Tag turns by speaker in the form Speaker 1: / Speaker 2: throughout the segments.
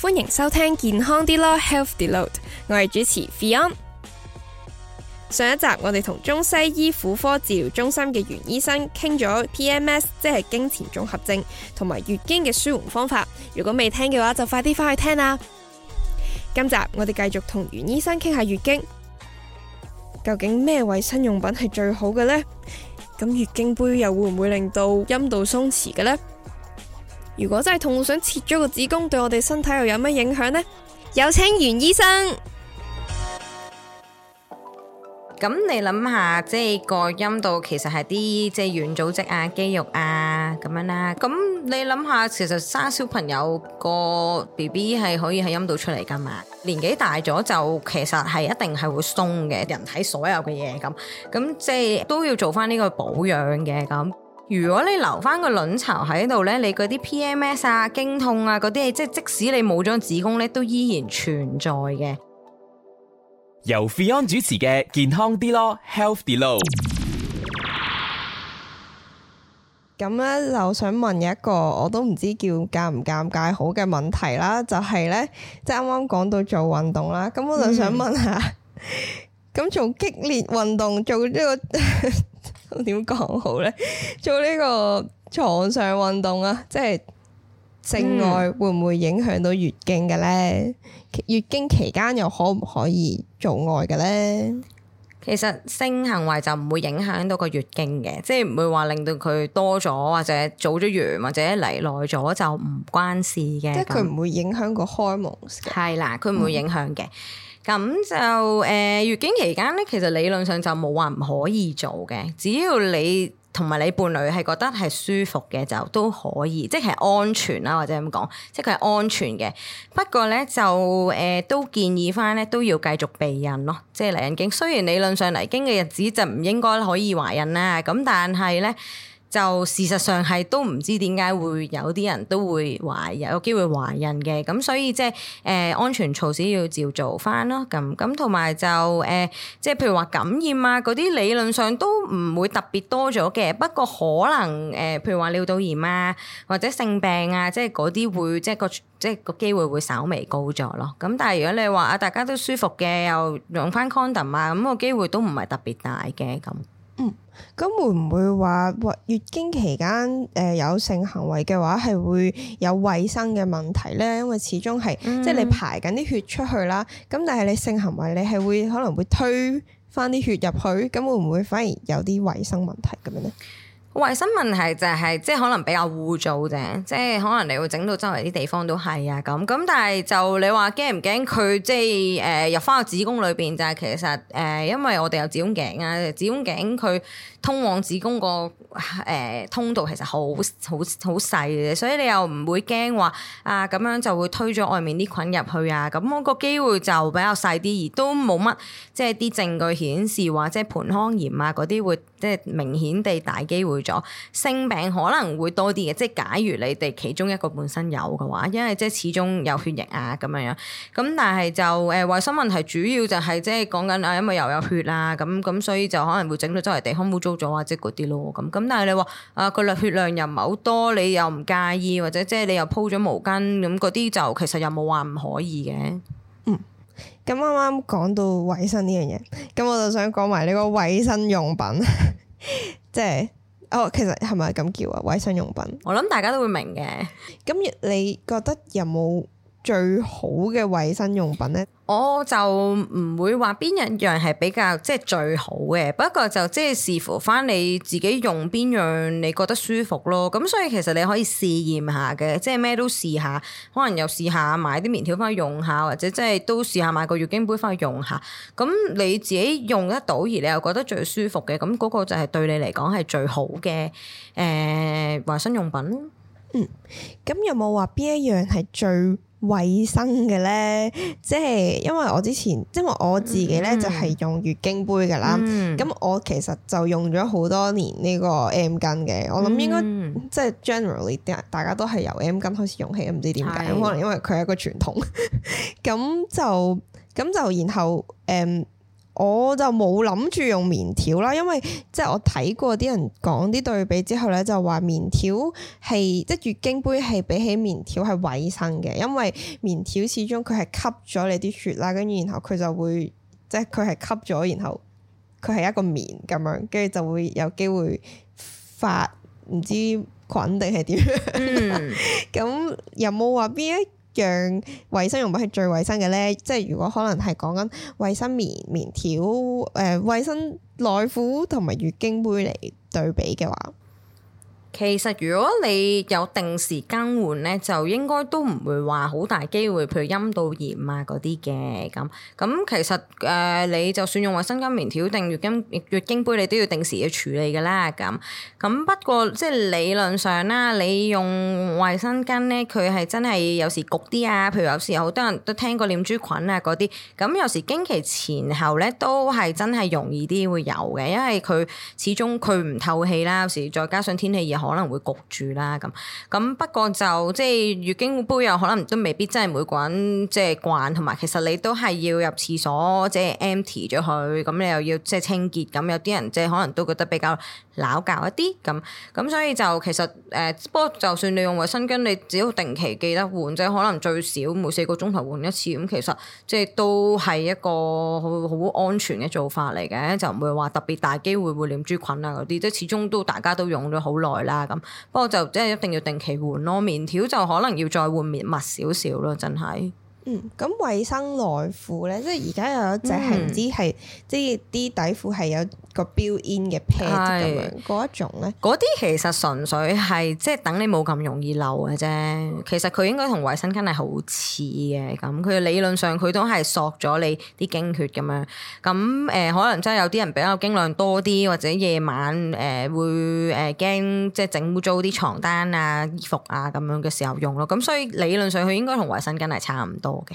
Speaker 1: 歡迎收聽健康啲咯，Health Deload，我係主持 Fiona。上一集我哋同中西醫婦科治療中心嘅袁醫生傾咗 PMS，即係經前綜合症，同埋月經嘅舒緩方法。如果未聽嘅話，就快啲翻去聽啦。今集我哋繼續同袁醫生傾下月經，究竟咩衛生用品係最好嘅呢？咁月經杯又會唔會令到陰道鬆弛嘅呢？如果真係痛想切咗個子宮，對我哋身體又有咩影響呢？有請袁醫
Speaker 2: 生。咁你諗下，即係個陰道其實係啲即係軟組織啊、肌肉啊咁樣啦。咁你諗下，其實生小朋友個 BB 係可以喺陰道出嚟噶嘛？年紀大咗就其實係一定係會鬆嘅，人體所有嘅嘢咁，咁即係都要做翻呢個保養嘅咁。如果你留翻個卵巢喺度呢，你嗰啲 PMS 啊、經痛啊嗰啲，即係即使你冇咗子宮呢，都依然存在嘅。
Speaker 1: 由 f 安主持嘅健康啲咯，Health 啲咯。咁呢，就想問一個，我都唔知叫尷唔尷尬好嘅問題啦，就係、是、呢，即係啱啱講到做運動啦，咁我就想問下，咁、嗯、 做激烈運動做呢個？ 我點講好咧？做呢個床上運動啊，即係性愛會唔會影響到月經嘅咧？嗯、月經期間又可唔可以做愛嘅咧？
Speaker 2: 其實性行為就唔會影響到個月經嘅，即係唔會話令到佢多咗或者早咗完，或者嚟耐咗就唔關事嘅。即係佢唔會影響個荷爾蒙。係、嗯、啦，佢唔會影響嘅。咁就誒、呃、月經期間咧，其實理論上就冇話唔可以做嘅，只要你同埋你伴侶係覺得係舒服嘅，就都可以，即係安全啦，或者咁講，即係佢係安全嘅。不過咧就誒、呃，都建議翻咧都要繼續避孕咯，即係嚟經。雖然理論上嚟經嘅日子就唔應該可以懷孕啦，咁但係咧。就事實上係都唔知點解會有啲人都會懷有機會懷孕嘅，咁所以即係誒安全措施要照做翻咯，咁咁同埋就誒即係譬如話感染啊嗰啲理論上都唔會特別多咗嘅，不過可能誒、呃、譬如話尿道炎啊或者性病啊，即係嗰啲會即係個即係個機會會稍微高咗咯。咁但係如果你話啊大家都舒服嘅又用翻 condom 啊，咁、個機會都唔係特別大嘅咁。
Speaker 1: 嗯，咁會唔會話月經期間誒、呃、有性行為嘅話係會有衛生嘅問題咧？因為始終係、嗯、即係你排緊啲血出去啦，咁但係你性行為你係會可能會推返啲血入去，咁會唔會反而有啲衛生問題咁樣咧？
Speaker 2: 衞生問題就係、是、即係可能比較污糟啫，即係可能你會整到周圍啲地方都係啊咁咁，但係就你話驚唔驚佢即係誒入翻個子宮裏邊？就係其實誒、呃，因為我哋有子宮頸啊，子宮頸佢通往子宮個誒、呃、通道其實好好好細嘅，所以你又唔會驚話啊咁樣就會推咗外面啲菌入去啊咁，我個機會就比較細啲，而都冇乜即係啲證據顯示話即係盆腔炎啊嗰啲會。即係明顯地大機會咗，性病可能會多啲嘅。即係假如你哋其中一個本身有嘅話，因為即係始終有血液啊咁樣樣。咁但係就誒衞生問題，主要就係即係講緊啊，因為又有血啦，咁咁所以就可能會整到周圍地方污糟咗啊，即係嗰啲咯咁。咁但係你話啊，佢、呃、量血量又唔係好多，你又唔介意或者即係你又鋪咗毛巾咁嗰啲，咁咁就其實又冇話唔可以嘅。
Speaker 1: 咁啱啱講到衞生呢樣嘢，咁我就想講埋呢個衞生用品，即 係、就是，哦，其實係咪咁叫啊？衞生用品，
Speaker 2: 我諗大家都會明嘅。
Speaker 1: 咁你覺得有冇？最好嘅衛生用品呢，
Speaker 2: 我就唔會話邊一樣係比較即係、就是、最好嘅，不過就即係視乎翻你自己用邊樣你覺得舒服咯。咁所以其實你可以試驗下嘅，即係咩都試下，可能又試下買啲棉條翻去用下，或者即係都試下買個月經杯翻去用下。咁你自己用得到而你又覺得最舒服嘅，咁、那、嗰個就係對你嚟講係最好嘅誒衛生用品咯。嗯，
Speaker 1: 咁有冇話邊一樣係最？衛生嘅咧，即係因為我之前，因為我自己咧、嗯、就係用月經杯噶啦。咁、嗯、我其實就用咗好多年呢個 M 巾嘅。我諗應該、嗯、即係 generally，大家大家都係由 M 巾開始用起，唔知點解。咁是可能因為佢係一個傳統。咁 就咁就然後誒。嗯我就冇諗住用棉條啦，因為即係我睇過啲人講啲對比之後咧，就話棉條係即係月經杯係比起棉條係衞生嘅，因為棉條始終佢係吸咗你啲血啦，跟住然後佢就會即係佢係吸咗，然後佢係一個棉咁樣，跟住就會有機會發唔知菌定係點樣、 嗯。咁 有冇話邊一？用衛生用品係最衛生嘅咧，即係如果可能係講緊衛生棉棉條、誒、呃、衛生內褲同埋月經杯嚟對比嘅話。
Speaker 2: 其實如果你有定時更換咧，就應該都唔會話好大機會，譬如陰道炎啊嗰啲嘅咁。咁其實誒、呃，你就算用衛生巾、棉條定月經、月經杯，你都要定時去處理嘅啦。咁咁不過即係理論上啦，你用衛生巾咧，佢係真係有時焗啲啊。譬如有時好多人都聽過念珠菌啊嗰啲，咁有時經期前後咧都係真係容易啲會有嘅，因為佢始終佢唔透氣啦。有時再加上天氣熱。可能會焗住啦，咁咁不過就即係、就是、月經杯又可能都未必真係每個人即係、就是、慣，同埋其實你都係要入廁所即係 empty 咗佢，咁你又要即係清潔，咁有啲人即係可能都覺得比較攪教一啲咁，咁所以就其實誒、呃，不過就算你用衛生巾，你只要定期記得換，即係可能最少每四個鐘頭換一次，咁其實即係都係一個好安全嘅做法嚟嘅，就唔會話特別大機會會念珠菌啊嗰啲，即始終都大家都用咗好耐。啦咁，不過就即係一定要定期換咯。棉條就可能要再換密少少咯，真係。嗯，
Speaker 1: 咁衛生內褲呢，即係而家有一隻係唔知係、嗯、即係啲底褲係有。個 built in 嘅 pad 咁樣是，嗰一種咧，
Speaker 2: 嗰啲其實純粹係即係等你冇咁容易漏嘅啫。其實佢應該同衛生巾係好似嘅，咁佢理論上佢都係索咗你啲經血咁樣。咁誒、呃，可能真係有啲人比較經量多啲，或者夜晚誒、呃、會誒驚即係整污糟啲床單啊、衣服啊咁樣嘅時候用咯。咁所以理論上佢應該同衛生巾係差唔多嘅。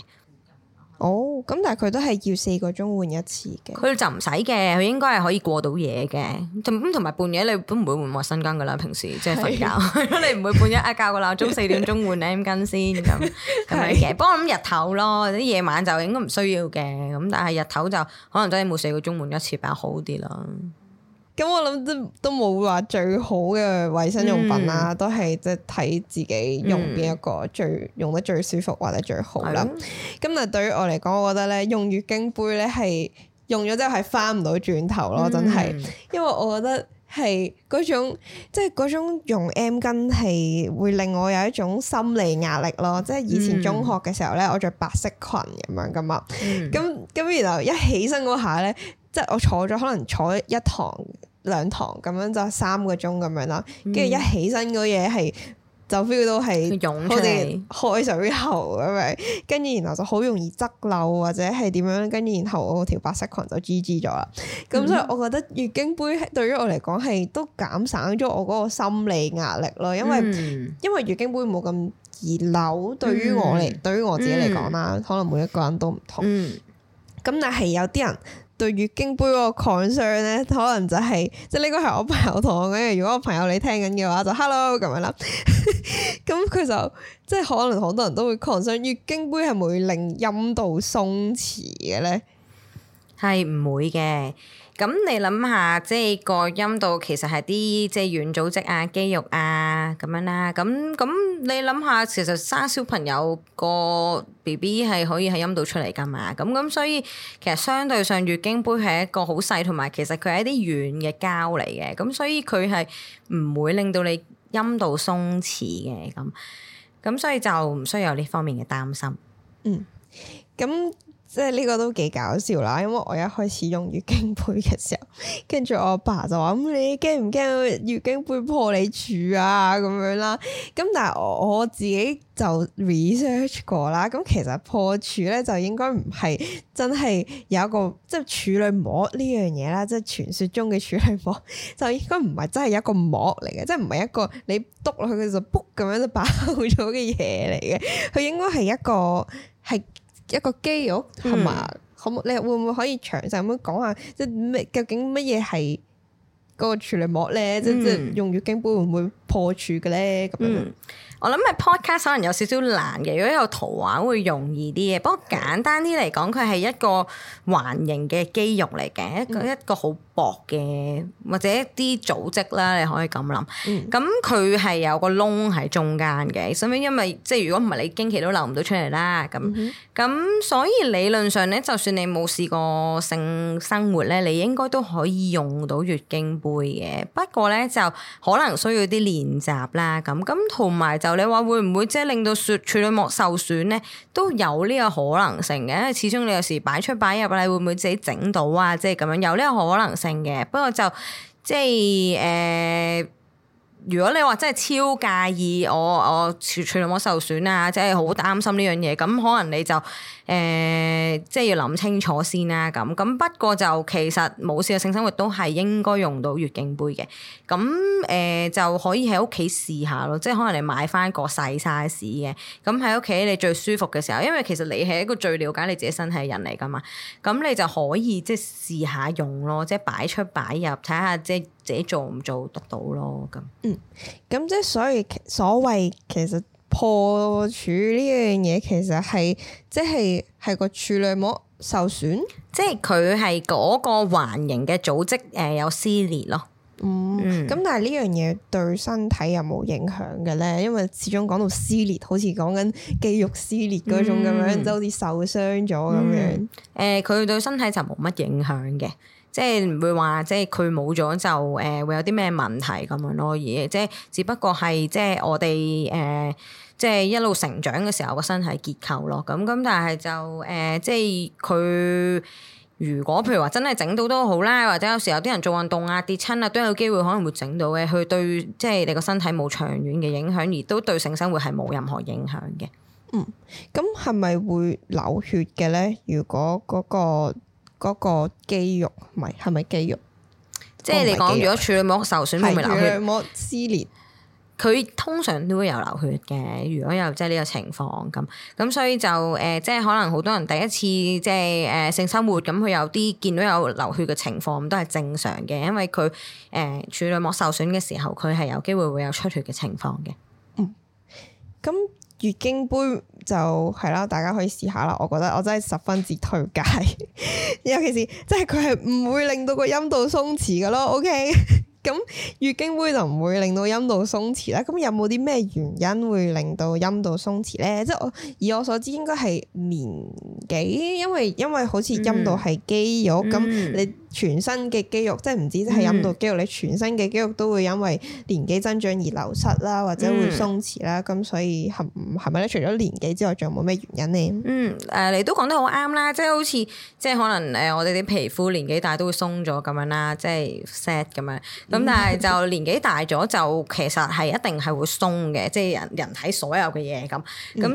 Speaker 1: 哦，咁但係佢都係要四個鐘換一次嘅。佢
Speaker 2: 就唔使嘅，佢應該係可以過到夜嘅。咁同埋半夜你都唔會換衛生巾噶啦，平時即係瞓覺，是 你唔會半夜 啊，校個鬧鐘四點鐘換 M 巾先咁，係咪嘅？不過咁日頭咯，啲夜晚就應該唔需要嘅。咁但係日頭就可能真係冇四個鐘換一次比較好啲啦。咁
Speaker 1: 我諗都都冇話最好嘅衛生用品啦，嗯、都係即係睇自己用邊一個最、嗯、用得最舒服或者最好啦。咁嗎但係對於我嚟講，我覺得咧用月經杯咧係用咗之後係翻唔到轉頭咯，真係。嗯、因為我覺得係嗰種即係嗰種用 M 巾係會令我有一種心理壓力咯。即、就、係、是、以前中學嘅時候咧，我着白色裙咁樣噶嘛，咁咁、嗯、然後一起身嗰下咧。即係我坐咗可能坐一堂兩堂咁樣就三個鐘咁樣啦，跟住、嗯、一起身嗰嘢係就 feel 到係好似開水喉。咁樣，跟住氣然後就好容易側漏或者係點樣，跟住然後我條白色裙就 G G 咗啦。咁、嗯、所以我覺得月經杯對於我嚟講係都減省咗我嗰個心理壓力咯，因為、嗯、因為月經杯冇咁易漏，對於我嚟，嗯、對於我自己嚟講啦，嗯、可能每一個人都唔同。咁、嗯、但係有啲人。對月經杯個 concern 咧，可能就係、是，即係呢個係我朋友同我講嘅。如果我朋友你聽緊嘅話，就 Hello 咁樣啦。咁 佢就即係可能好多人都會 concern，月經杯係咪會令陰道鬆弛
Speaker 2: 嘅咧？係唔會嘅，咁你諗下，即係個陰道其實係啲即係軟組織啊、肌肉啊咁樣啦、啊。咁咁你諗下，其實生小朋友個 BB 係可以喺陰道出嚟噶嘛？咁咁所以其實相對上月經杯係一個好細，同埋其實佢係一啲軟嘅膠嚟嘅。咁所以佢係唔會令到你陰道鬆弛嘅。咁咁所以就唔需要有呢方面嘅擔心。嗯，
Speaker 1: 咁。即係呢個都幾搞笑啦，因為我一開始用月經杯嘅時候，跟住我阿爸就話咁、嗯、你驚唔驚月經杯破你處啊，咁樣啦？咁但係我我自己就 research 過啦，咁其實破處咧就應該唔係真係有一個即係處女膜呢樣嘢啦，即係傳說中嘅處女膜就應該唔係真係有一個膜嚟嘅，即係唔係一個你督落去嘅就卜咁樣就爆咗嘅嘢嚟嘅，佢應該係一個係。一個肌肉係嘛，好冇、嗯？你會唔會可以詳細咁講下，即係咩？究竟乜嘢係嗰個處女膜咧？嗯、即係用月經杯會唔會破處嘅咧？咁樣。
Speaker 2: 我諗係 podcast 可能有少少難嘅，如果有圖畫會容易啲嘅。不過簡單啲嚟講，佢係一個環形嘅肌肉嚟嘅，一個一個好薄嘅或者一啲組織啦，你可以咁諗。咁佢係有個窿喺中間嘅，所以因為即係如果唔係你經期都流唔到出嚟啦。咁咁、嗯、哼所以理論上咧，就算你冇試過性生活咧，你應該都可以用到月經杯嘅。不過咧就可能需要啲練習啦。咁咁同埋就。你話會唔會即係令到雪處女膜受損咧？都有呢個可能性嘅，因為始終你有時擺出擺入，你會唔會自己整到啊？即係咁樣有呢個可能性嘅。不過就即係誒。呃如果你話真係超介意我我處處有冇受損啊，即係好擔心呢樣嘢，咁可能你就誒、呃、即係要諗清楚先啦。咁咁不過就其實冇事嘅性生活都係應該用到月經杯嘅。咁誒、呃、就可以喺屋企試下咯，即係可能你買翻個細 size 嘅，咁喺屋企你最舒服嘅時候，因為其實你係一個最了解你自己身體嘅人嚟㗎嘛。咁你就可以即係試下用咯，即係擺出擺入睇下即係。自己做唔做得到咯咁。嗯，
Speaker 1: 咁即係所以所謂其實破處呢樣嘢，其實係即係係個處女膜
Speaker 2: 受損，即係佢係嗰個環形嘅組織誒、呃、有撕裂咯。嗯，
Speaker 1: 咁但係呢樣嘢對身體有冇影響嘅咧？因為始終講到撕裂，好似講緊肌肉撕裂嗰種咁樣，嗯、就好似受傷咗咁樣。
Speaker 2: 誒、嗯，佢、呃、對身體就冇乜影響嘅。即係唔會話，即係佢冇咗就誒、呃、會有啲咩問題咁樣咯，而即係只不過係即係我哋誒、呃、即係一路成長嘅時候個身體結構咯。咁咁，但係就誒、呃、即係佢如果譬如話真係整到都好啦，或者有時有啲人做運動啊跌親啊都有機會可能會整到嘅，佢對即係你個身體冇長遠嘅影響，而都對性生活係冇任何影響嘅。嗯，
Speaker 1: 咁係咪會流血嘅咧？如果嗰個嗰個肌肉唔係係咪肌肉？
Speaker 2: 即係你講如果處女膜受損會唔會流血？處女膜撕裂，佢通常都會有流血嘅。如果有即係呢個情況咁，咁所以就誒，即、呃、係可能好多人第一次即係誒性生活，咁佢有啲見到有流血嘅情況，咁都係正常嘅，因為佢誒、呃、處女膜受損嘅時候，佢係有機會會有出血嘅情況嘅。嗯，
Speaker 1: 咁月經杯。就係啦，大家可以試下啦。我覺得我真係十分之推介。 尤其是，即係佢係唔會令到個陰道鬆弛噶咯。OK，咁 月經杯就唔會令到陰道鬆弛啦。咁有冇啲咩原因會令到陰道鬆弛咧？即係我以我所知，應該係年紀，因為因為好似陰道係肌肉咁、嗯、你。嗯全身嘅肌肉，即係唔止係陰道肌肉，你、嗯、全身嘅肌肉都會因為年紀增長而流失啦，或者會鬆弛啦。咁、嗯、所以係係咪咧？除咗年紀之外，仲有冇咩原因咧？嗯，
Speaker 2: 誒，你都講得好啱啦。即係好似，即係可能誒我哋啲皮膚年紀大都會鬆咗咁樣啦，即係 set 咁樣，咁、嗯、但係就年紀大咗，就其實係一定係會鬆嘅，嗯、即係人人體所有嘅嘢咁。咁、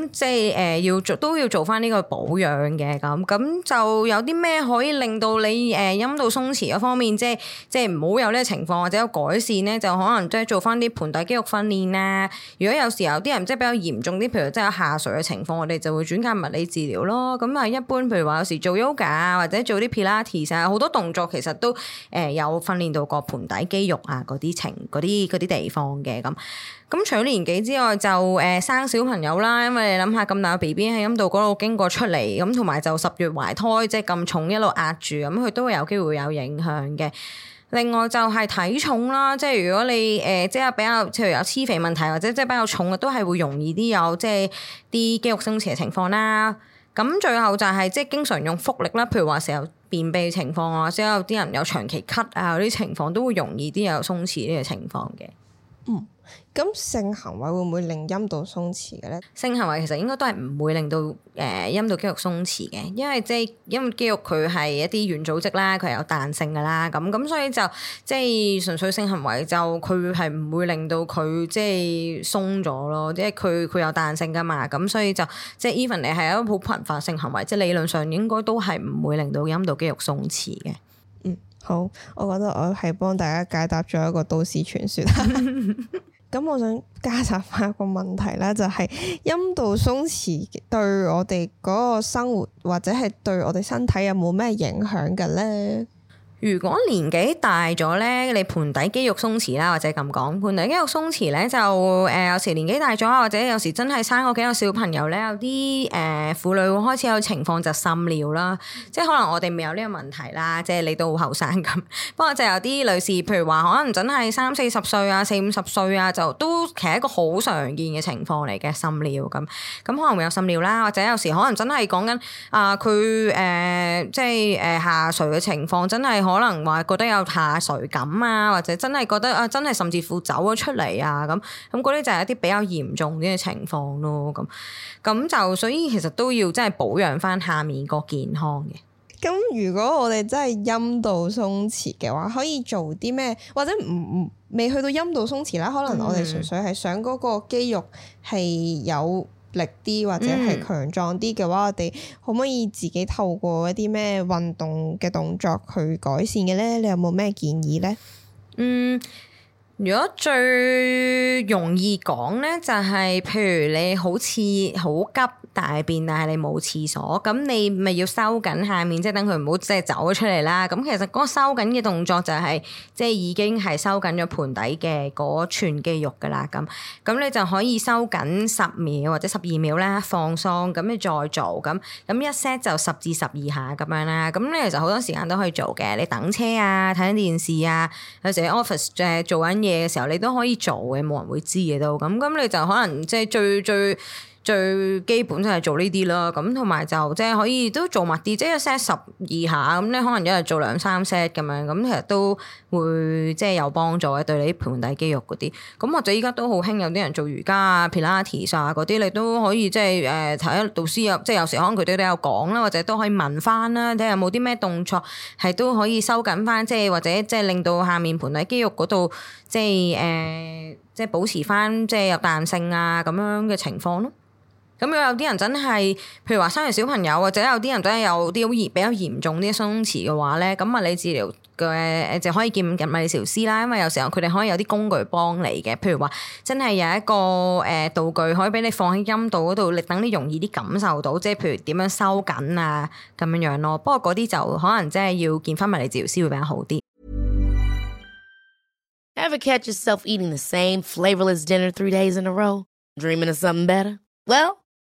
Speaker 2: 嗯、即係誒要做都要做翻呢個保養嘅咁。咁就有啲咩可以令到你誒陰道？鬆弛嗰方面，即係即係唔好有呢個情況或者有改善咧，就可能即係做翻啲盆底肌肉訓練啦。如果有時候有啲人即係比較嚴重啲，譬如即係有下垂嘅情況，我哋就會轉介物理治療咯。咁啊，一般譬如話有時做瑜伽啊，或者做啲 Pilates 啊，好多動作其實都誒有訓練到個盆底肌肉啊嗰啲情嗰啲啲地方嘅咁。咁除咗年紀之外，就誒、呃、生小朋友啦，因為你諗下咁大 B B 喺陰道嗰度經過出嚟，咁同埋就十月懷胎，即係咁重一路壓住，咁佢都會有機會有影響嘅。另外就係體重啦，即係如果你誒、呃、即係比較譬如有黐肥問題，或者即係比較重嘅，都係會容易啲有即係啲肌肉鬆弛嘅情況啦。咁最後就係、是、即係經常用腹力啦，譬如話成日便秘嘅情況啊，之有啲人有長期咳啊嗰啲情況，都會容易啲有鬆弛呢個情況嘅。嗯。咁性行為會唔會令陰道鬆弛嘅咧？性行為其實應該都係唔會令到誒陰道肌肉鬆弛嘅，因為即係因為肌肉佢係一啲軟組織啦，佢係有彈性噶啦，咁咁所以就即係純粹性行為就佢係唔會令到佢即係鬆咗咯，即係佢佢有彈性噶嘛，咁所以就即係 even 你係一個好頻繁性行為，即係理論上應該都係唔會令到陰道肌肉鬆弛嘅。嗯，
Speaker 1: 好，我覺得我係幫大家解答咗一個都市傳說。 咁我想加插翻一個問題啦，就係、是、陰道鬆弛對我哋嗰個生活或者係對我哋身體
Speaker 2: 有冇咩影響嘅咧？如果年紀大咗咧，你盆底肌肉鬆弛啦，或者咁講，盆底肌肉鬆弛咧就誒、呃，有時年紀大咗啊，或者有時真係生過幾個小朋友咧，有啲誒、呃、婦女會開始有情況就滲尿啦。即係可能我哋未有呢個問題啦，即係你都好後生咁。不過就有啲女士，譬如話可能真係三四十歲啊、四五十歲啊，就都其實一個好常見嘅情況嚟嘅滲尿咁。咁可能會有滲尿啦，或者有時可能真係講緊啊佢誒，即係誒、呃、下垂嘅情況真係。可能話覺得有下垂感啊，或者真係覺得啊，真係甚至乎走咗出嚟啊，咁咁嗰啲就係一啲比較嚴重啲嘅情況咯。咁咁就所以其實都要真係保養翻下面個健康嘅。
Speaker 1: 咁如果我哋真係陰道鬆弛嘅話，可以做啲咩？或者唔唔未去到陰道鬆弛啦，可能我哋純粹係想嗰個肌肉係有。力啲或者係強壯啲嘅話，嗯、我哋可唔可以自己透過一啲咩運動嘅動作去改善嘅咧？你有冇咩建議咧？嗯。
Speaker 2: 如果最容易講咧，就係、是、譬如你好似好急大便，但係你冇廁所，咁你咪要收緊下面，即係等佢唔好即係走咗出嚟啦。咁其實個收緊嘅動作就係即係已經係收緊咗盆底嘅嗰串肌肉㗎啦。咁咁你就可以收緊十秒或者十二秒啦，放鬆，咁你再做，咁咁一 set 就十至十二下咁樣啦。咁咧其實好多時間都可以做嘅，你等車啊，睇緊電視啊，有時 office 誒做緊嘢。嘢嘅時候，你都可以做嘅，冇人會知嘅。都咁咁，你就可能即係最最。最最基本就係做呢啲啦，咁同埋就即係可以都做埋啲，即係一 set 十二下咁咧，可能一日做兩三 set 咁樣，咁其實都會即係有幫助嘅，對你盆底肌肉嗰啲。咁或者依家都好興有啲人做瑜伽啊、普拉提啊嗰啲，你都可以即係誒睇下導師有，即係有時可能佢對你有講啦，或者都可以問翻啦，睇下有冇啲咩動作係都可以收緊翻，即係或者即係令到下面盆底肌肉嗰度即係誒即係保持翻即係有彈性啊咁樣嘅情況咯。咁如果有啲人真係，譬如話生完小朋友或者有啲人真都有啲好嚴比較嚴重啲鬆弛嘅話咧，咁物理治療嘅、呃、就可以見緊物理治療師啦。因為有時候佢哋可以有啲工具幫你嘅，譬如話真係有一個誒、呃、道具可以俾你放喺陰道嗰度，你等你容易啲感受到，即係譬如點樣收緊啊咁樣樣咯。不過嗰啲就可能真係要見翻物理治療師會比較好啲。.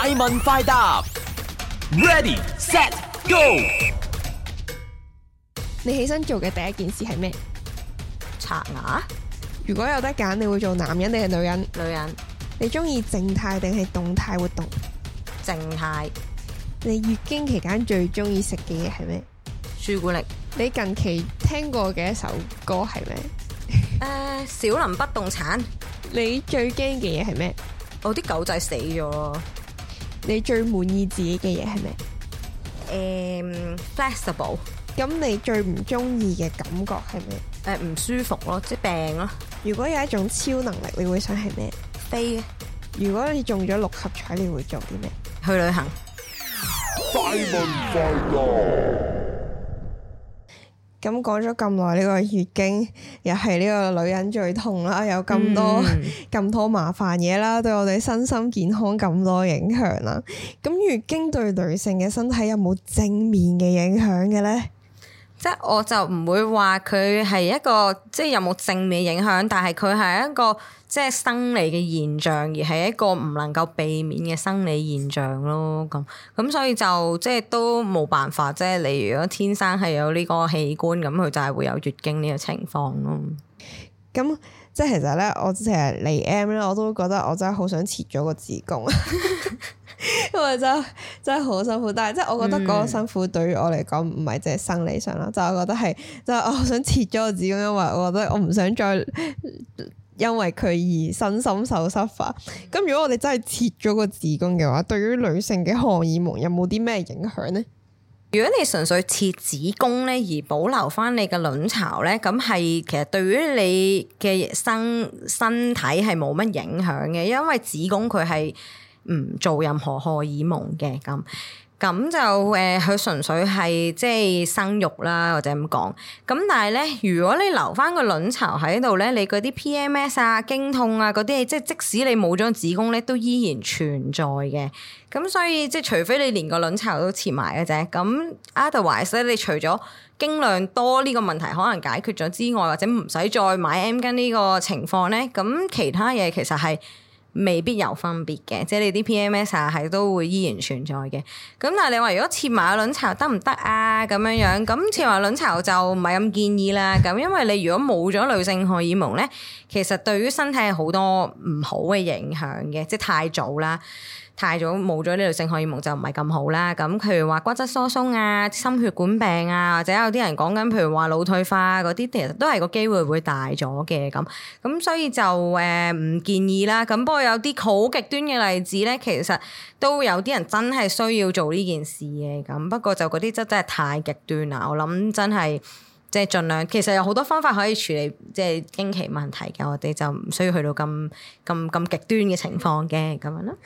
Speaker 2: 快問快答
Speaker 1: ，Ready，Set，Go。你起身做嘅第一件事係咩？刷牙了。如果有得揀，你會做男人定係女人？女人。你中意靜態定係動態活動？靜態態。你月經期間最中意食嘅嘢係咩？朱古力。你近期聽過嘅一首歌係咩？
Speaker 2: 誒、呃，小林不動產。你
Speaker 1: 最驚嘅嘢係咩？我啲、哦那個、狗仔死咗。你最滿意自己
Speaker 2: 嘅嘢係咩？
Speaker 1: 誒，um，flexible。咁你最唔中意嘅感覺係咩？誒，唔舒服咯，即係病咯。如果有一種超能力，你會想係咩？飛啊。如果你中咗六合彩，你會做啲咩？去旅行。
Speaker 3: 快，
Speaker 1: 咁講咗咁耐，呢個月經又係呢個女人最痛啦，有咁多咁、嗯、多麻煩嘢啦，對我哋身心健康咁多影響啦。咁月經對女性嘅身體有冇正
Speaker 2: 面嘅影響嘅咧？即係我就唔會話佢係一個即係有冇正面影響，但係佢係一個即係生理嘅現象，而係一個唔能夠避免嘅生理現象咯。咁咁所以就即係都冇辦法。即係你如果天生係有呢個器官，咁佢就係會有月經呢個情況咯。
Speaker 1: 咁。即係其實咧，我之前嚟 M 咧，我都覺得我真係好想切咗個子宮，
Speaker 2: 因為真真
Speaker 1: 係好辛苦。但係即係我覺得嗰個辛苦對於我嚟講唔係淨係生理上啦，嗯、就我覺得係即係我想切咗個子宮，因為我覺得我唔想再因為佢而身心受傷害。咁如果我哋真係切咗個子宮嘅話，對於女性嘅荷爾蒙
Speaker 2: 有冇啲咩影響咧？如果你純粹切子宮咧，而保留翻你嘅卵巢咧，咁係其實對於你嘅身身體係冇乜影響嘅，因為子宮佢係唔做任何荷爾蒙嘅。咁咁就誒，佢、呃、純粹係即係生育啦，或者咁講。咁但係咧，如果你留翻個卵巢喺度咧，你嗰啲 PMS 啊、經痛啊嗰啲，即係即使你冇咗子宮咧，都依然存在嘅。咁所以即係除非你連個卵巢都切埋嘅啫。咁 Otherwise 咧，你除咗經量多呢個問題可能解決咗之外，或者唔使再買 M 巾呢個情況咧，咁其他嘢其實係，未必有分別嘅，即係你啲 PMS 啊，係都會依然存在嘅。咁但係你話如果切埋卵巢得唔得啊？咁樣樣咁切埋卵巢就唔係咁建議啦。咁因為你如果冇咗女性荷爾蒙咧，其實對於身體係好多唔好嘅影響嘅，即係太早啦。太早冇咗呢類性荷爾蒙就唔係咁好啦，咁譬如話骨質疏鬆啊、心血管病啊，或者有啲人講緊譬如話腦退化嗰、啊、啲，其實都係個機會會大咗嘅咁，咁所以就誒唔、呃、建議啦。咁不過有啲好極端嘅例子咧，其實都有啲人真係需要做呢件事嘅咁，不過就嗰啲真真係太極端啦，我諗真係。即係儘量，其實有好多方法可以處理即係經期問題嘅，我哋就唔需要去到咁咁咁極端嘅情況嘅咁樣咯。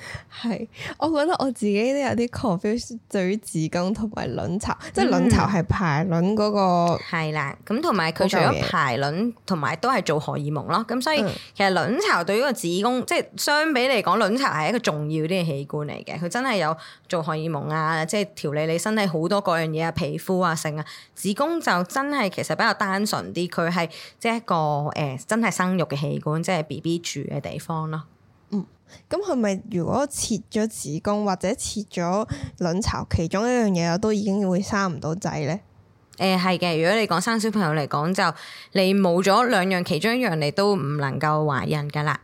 Speaker 2: 係，我覺得我自己都有啲 confusion 對於子宮同埋卵巢，即係卵巢係排卵嗰個。係、嗯、啦，咁同埋佢除咗排卵，同埋都係做荷爾蒙咯。咁所以其實卵巢對於個子宮，即係相比嚟講，卵巢係一個重要啲嘅器官嚟嘅。佢真係有做荷爾蒙啊，即係調理你身體好多各樣嘢啊，皮膚啊，性啊，子宮就真係。其實比較單純啲，佢係即係一個誒、呃，真係生育嘅器官，即係 B B 住嘅地方咯。嗯，
Speaker 1: 咁係咪如果切咗子宮或者切咗卵
Speaker 2: 巢，其中一樣嘢我都已經會生唔到仔咧？誒、嗯，係嘅。如果你講生小朋友嚟講，就你冇咗兩樣其中一樣，你都唔能夠懷孕噶啦。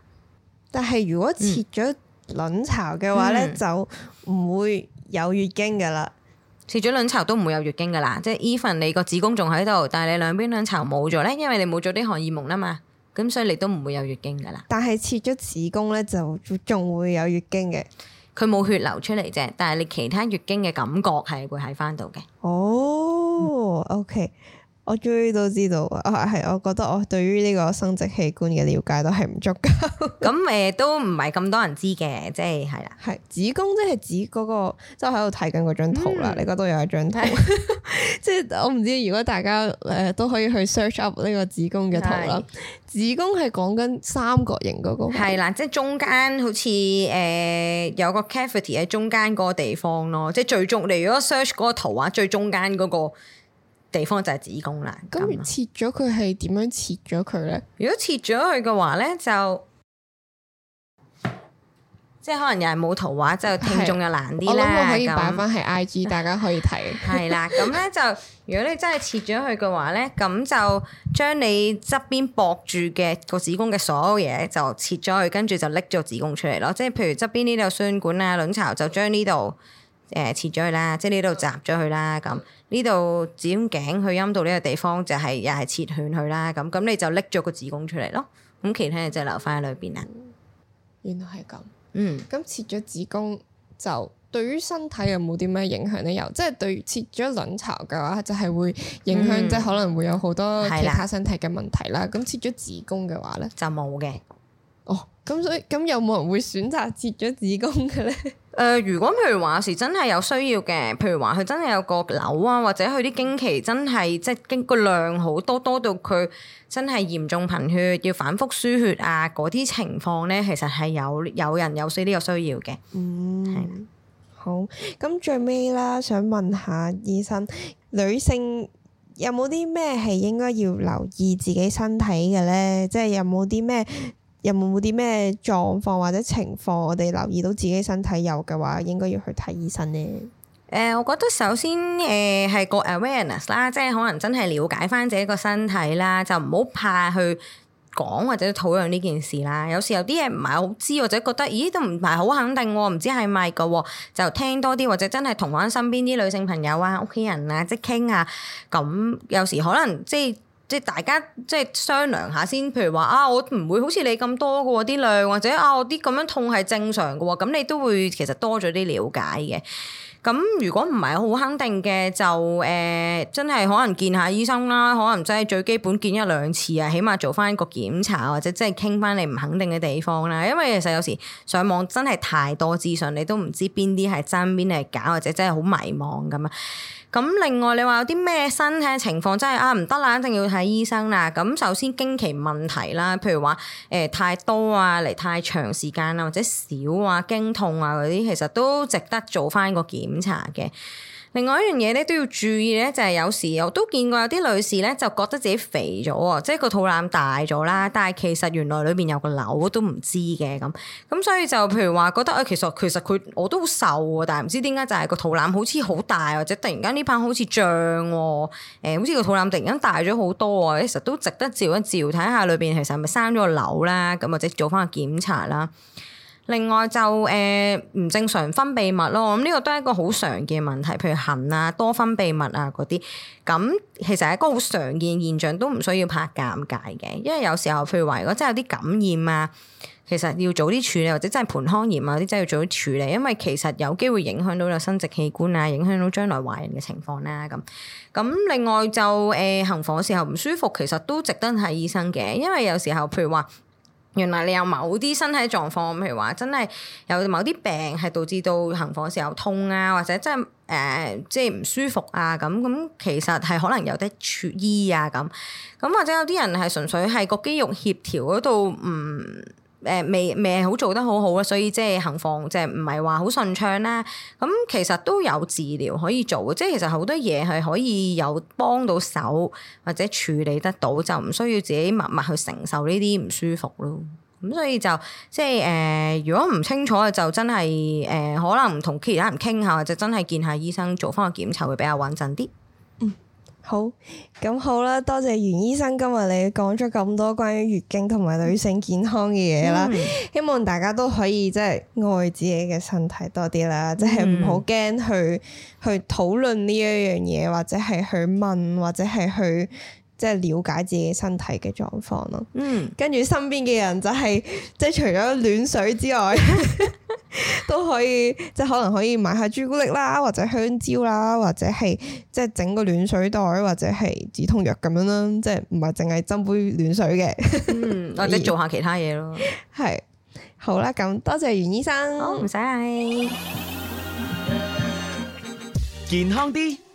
Speaker 2: 但係如果切咗卵巢嘅話咧，嗯、就唔會有月經噶啦。切咗卵巢都唔會有月經噶啦，即係 even 你個子宮仲喺度，但係你兩邊卵巢冇咗咧，因為你冇咗啲荷爾蒙啦嘛，咁所以你都唔會有月經噶啦。但係切咗子宮咧，就仲會有月經嘅，佢冇血流出嚟啫，但係你其他月經嘅感覺係會喺翻度嘅。
Speaker 1: 哦，嗯，OK。我終於都知道，啊係，我覺得我對於呢個生殖器官嘅了解都係唔足
Speaker 2: 夠、嗯。咁誒、 呃、都唔係咁多人知嘅，即係係啦。係、啊、
Speaker 1: 子宮即係
Speaker 2: 指嗰、那個，
Speaker 1: 即係喺度睇緊嗰張圖啦。嗯、你嗰度有一張圖，是 即係我唔知如果大家誒、呃、都可以去 search up 呢個子宮嘅圖啦。是子宮係講緊三角形嗰個，係
Speaker 2: 啦、啊，即係中間好似誒、呃、有個 cavity 喺中間嗰個地方咯，即係最中。你如果 search 嗰個圖啊，最中間嗰、那個。地方就係子宮啦，咁、嗯，
Speaker 1: 切咗佢係點樣切咗佢呢？
Speaker 2: 如果切咗佢嘅話呢，就即係可能又係冇圖畫，就聽眾又難啲啦。我諗我可以擺翻喺 IG、嗯、大家可以睇。係 啦，咁、嗯、呢就如果你真係切咗佢嘅話呢，咁 就將你側邊駁住嘅個子宮嘅所有嘢就切咗佢，跟住就拎咗子宮出嚟咯。即係譬如側邊呢度有輸卵管啊、卵巢，就將呢度。誒、呃、切咗佢啦，即係呢度摘咗佢啦，咁呢度剪頸去陰道呢個地方就係又係切斷佢啦，咁咁你就拎咗個子宮出嚟咯，咁其他嘢就留翻喺裏邊啦。
Speaker 1: 原來係咁，嗯，咁切咗子宮就對於身體有冇啲咩影響呢？又即係對於切咗卵巢嘅話，就係、是、會影響即係、嗯、可能會有好多其他身體嘅問題啦。咁的切咗子宮嘅話咧，就冇嘅。咁所以，咁有冇人會選擇切咗子宮嘅咧？
Speaker 2: 誒、呃，如果譬如話有時真係有需要嘅，譬如話佢真係有個瘤啊，或者佢啲經期真係即係經個量好多，多到佢真係嚴重貧血要反覆輸血啊，嗰啲情況咧，其實係有，有人有少少呢個需要嘅。嗯，
Speaker 1: 係、啊、好。咁最尾啦，想問下醫生，女性有冇啲咩係應該要留意自己身體嘅咧？即、就、係、是、有冇啲咩？有冇冇啲咩狀況或者情況，我哋留意到自己身體有嘅話，應該要去睇醫生咧？
Speaker 2: 誒、呃，我覺得首先誒係、呃、個 awareness 啦，即係可能真係了解翻自己個身體啦，就唔好怕去講或者討論呢件事啦。有時有啲嘢唔係好知或者覺得，咦都唔係好肯定喎，唔知係咪噶，就聽多啲或者真係同翻身邊啲女性朋友啊、屋企人啊即係傾啊下。咁有時可能即係。即係大家即係商量下先，譬如話啊，我唔會好似你咁多嘅啲量，或者啊我啲咁樣痛係正常嘅，咁你都會其實多咗啲了解嘅。咁如果唔係好肯定嘅，就誒、呃、真係可能見下醫生啦，可能真係最基本見一兩次啊，起碼做翻個檢查或者即係傾翻你唔肯定嘅地方啦。因為其實有時上網真係太多資訊，你都唔知邊啲係真邊啲係假，或者真係好迷茫咁啊。咁另外你話有啲咩身體情況真係啊唔得啦，一定要睇醫生啦。咁首先經期問題啦，譬如話誒、呃、太多啊，嚟太長時間啊，或者少啊，經痛啊嗰啲，其實都值得做翻個檢查嘅。另外一樣嘢咧都要注意咧，就係有時我都見過有啲女士咧就覺得自己肥咗啊，即係個肚腩大咗啦，但係其實原來裏邊有個瘤都唔知嘅，咁，咁所以就譬如話覺得啊，其實其實佢我都好瘦喎，但係唔知點解就係個肚腩好似好大或者突然間呢排好似脹，誒好似個肚腩突然間大咗好多啊，其實都值得照一照，睇下裏邊其實係咪生咗個瘤啦，咁或者做翻個檢查啦。另外就誒唔正常分泌物咯，咁呢個都係一個好常見嘅問題，譬如痕啊、多分泌物啊嗰啲，咁其實係一個好常見現象，都唔需要怕尷尬嘅，因為有時候譬如話如果真係有啲感染啊，其實要早啲處理，或者真係盆腔炎啊啲真係要早啲處理，因為其實有機會影響到個生殖器官啊，影響到將來懷孕嘅情況啦。咁咁另外就誒、呃、行房嘅時候唔舒服，其實都值得睇醫生嘅，因為有時候譬如話。原來你有某啲身體狀況，譬如話真係有某啲病係導致到行房時候痛啊，或者真係誒、呃、即係唔舒服啊，咁咁其實係可能有啲處醫啊，咁咁或者有啲人係純粹係個肌肉協調嗰度唔。誒、呃、未未好做得好好啊，所以即係情況即係唔係話好順暢啦。咁其實都有治療可以做嘅，即係其實好多嘢係可以有幫到手或者處理得到，就唔需要自己默默去承受呢啲唔舒服咯。咁所以就即係誒、呃，如果唔清楚就真係誒、呃，可能同其他人傾下，就真係見下醫生做翻個檢查會比較穩陣啲。
Speaker 1: 好咁好啦，多謝袁醫生，今日你講咗咁多關於月經同埋女性健康嘅嘢啦，嗯、希望大家都可以即係愛自己嘅身體多啲啦，即係唔好驚去去討論呢一樣嘢，或者係去問，或者係去。即係了解自己身體嘅狀況咯，嗯，跟住身邊嘅人就係、是、即係除咗暖水之外， 都可以即係可能可以買下朱古力啦，或者香蕉啦，或者係即係整個暖水袋，或者係止痛藥咁樣啦，即係唔係淨係斟杯暖水嘅，
Speaker 2: 嗯、 以或者做下其他嘢咯。
Speaker 1: 係，好啦，咁多謝袁醫生，好，唔使，健康啲。